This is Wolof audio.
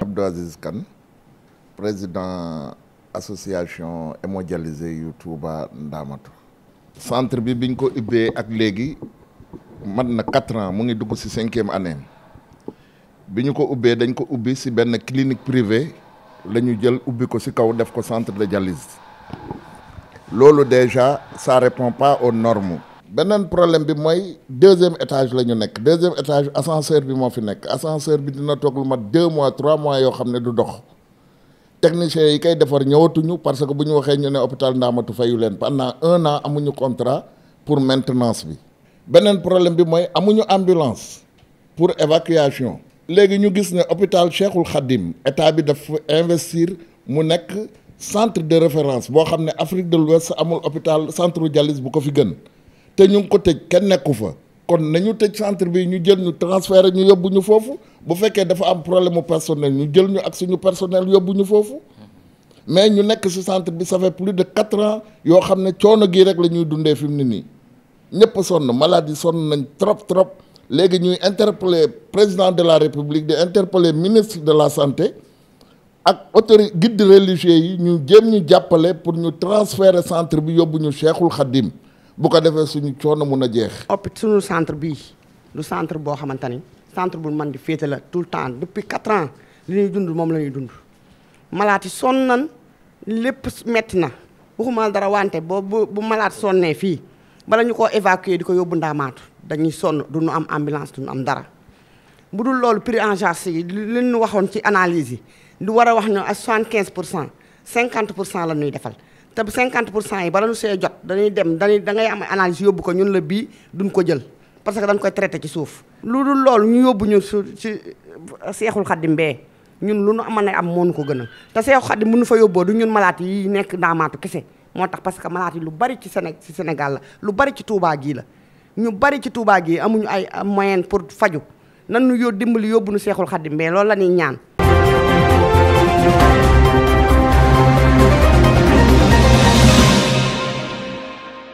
Abdou Aziz Kane président association hémodialysé yu Touba Ndaamatu centre bi biñ ko ubbee ak léegi mat na quatre ans mu ngi dugg si cinquième année bi ñu ko ubbee dañ ko ubbi si benn clinique privée lañu jël ubbi ko ci kaw def ko centre de dialyse loolu déjà ça répond pas au norme beneen problème bi mooy deuxième étage la ñu nekk deuxième étage ascenseur bi moo fi nekk ascenseur bi dina toog lu mat deux mois trois mois yoo xam ne du dox technicien yi kay defar ñëwatuñu parce que bu ñu waxee ñu ne hôpital Ndaamatu fayu leen pendant un an amuñu contrat pour maintenance bi beneen problème bi mooy amuñu ambulance pour évacuation léegi ñu gis ne hôpital Cheikhul Khadim état bi daf investir mu nekk centre de référence boo xam ne Afrique de l'Ouest amul hôpital centre dialyse bu ko fi gën te ñu ngi ko tëj kenn nekku fa kon nañu tëj centre bi ñu jël ñu transféré ñu yóbbu ñu foofu bu fekkee dafa am problème mu personnel ñu jël ñu ak suñu personnel yóbbu ñu foofu mais ñu nekk si centre bi ça fait plus de quatre ans yoo xam ne coono gii rek la ñuy dundee fi mu ne nii ñëpp sonn malade yi sonn nañ trop trop léegi ñuy interpeller président de la république di interpeller ministre de la santé ak autorité guide religieux yi ñu jël ñu jàppale pour ñu transférer centre bi yóbbu ñu Cheikhul Khadim bu ko defee suñu coono mun a jeex. op suñu centre bii lu centre boo xamante ni centre bu man di féete la tout le temps depuis quatre ans li ñuy dund moom la ñuy dund malaat yi sonn nan lépp metti na waxuma dara wante boo bu bu malaat sonnee fii bala ñu ko évacuer di ko yóbbu ndaamaatu dañuy sonn du ñu am ambulance du ñu am dara. bu dul loolu prise en charge yi nu waxoon ci analyse yi lu war a wax ne à soixante quinze pour cent cinquante pour cent la ñuy defal. te bu 50 pour cent yi bala ñu see jot dañuy dem dañuy da ngay am analyse yóbbu ko ñun la bii duñ ko jël parce que dañ koy traité ci suuf. lu dul lool ñu yóbbu ñu su ci seexul xaddim bee ñun lu nu amoon na am moo nu ko gënal te seexul xaddim nu fa yóbboo du ñun malaat yi nekk ndaamaatu kese moo tax parce que malaat yi lu bari ci Séné ci Sénégal la lu bari ci Touba gii la ñu bari ci Touba gii amuñu ay moyen pour faju nan nu yób dimbali yóbbu nu seexul xaddim bee loolu la ñuy ñaan.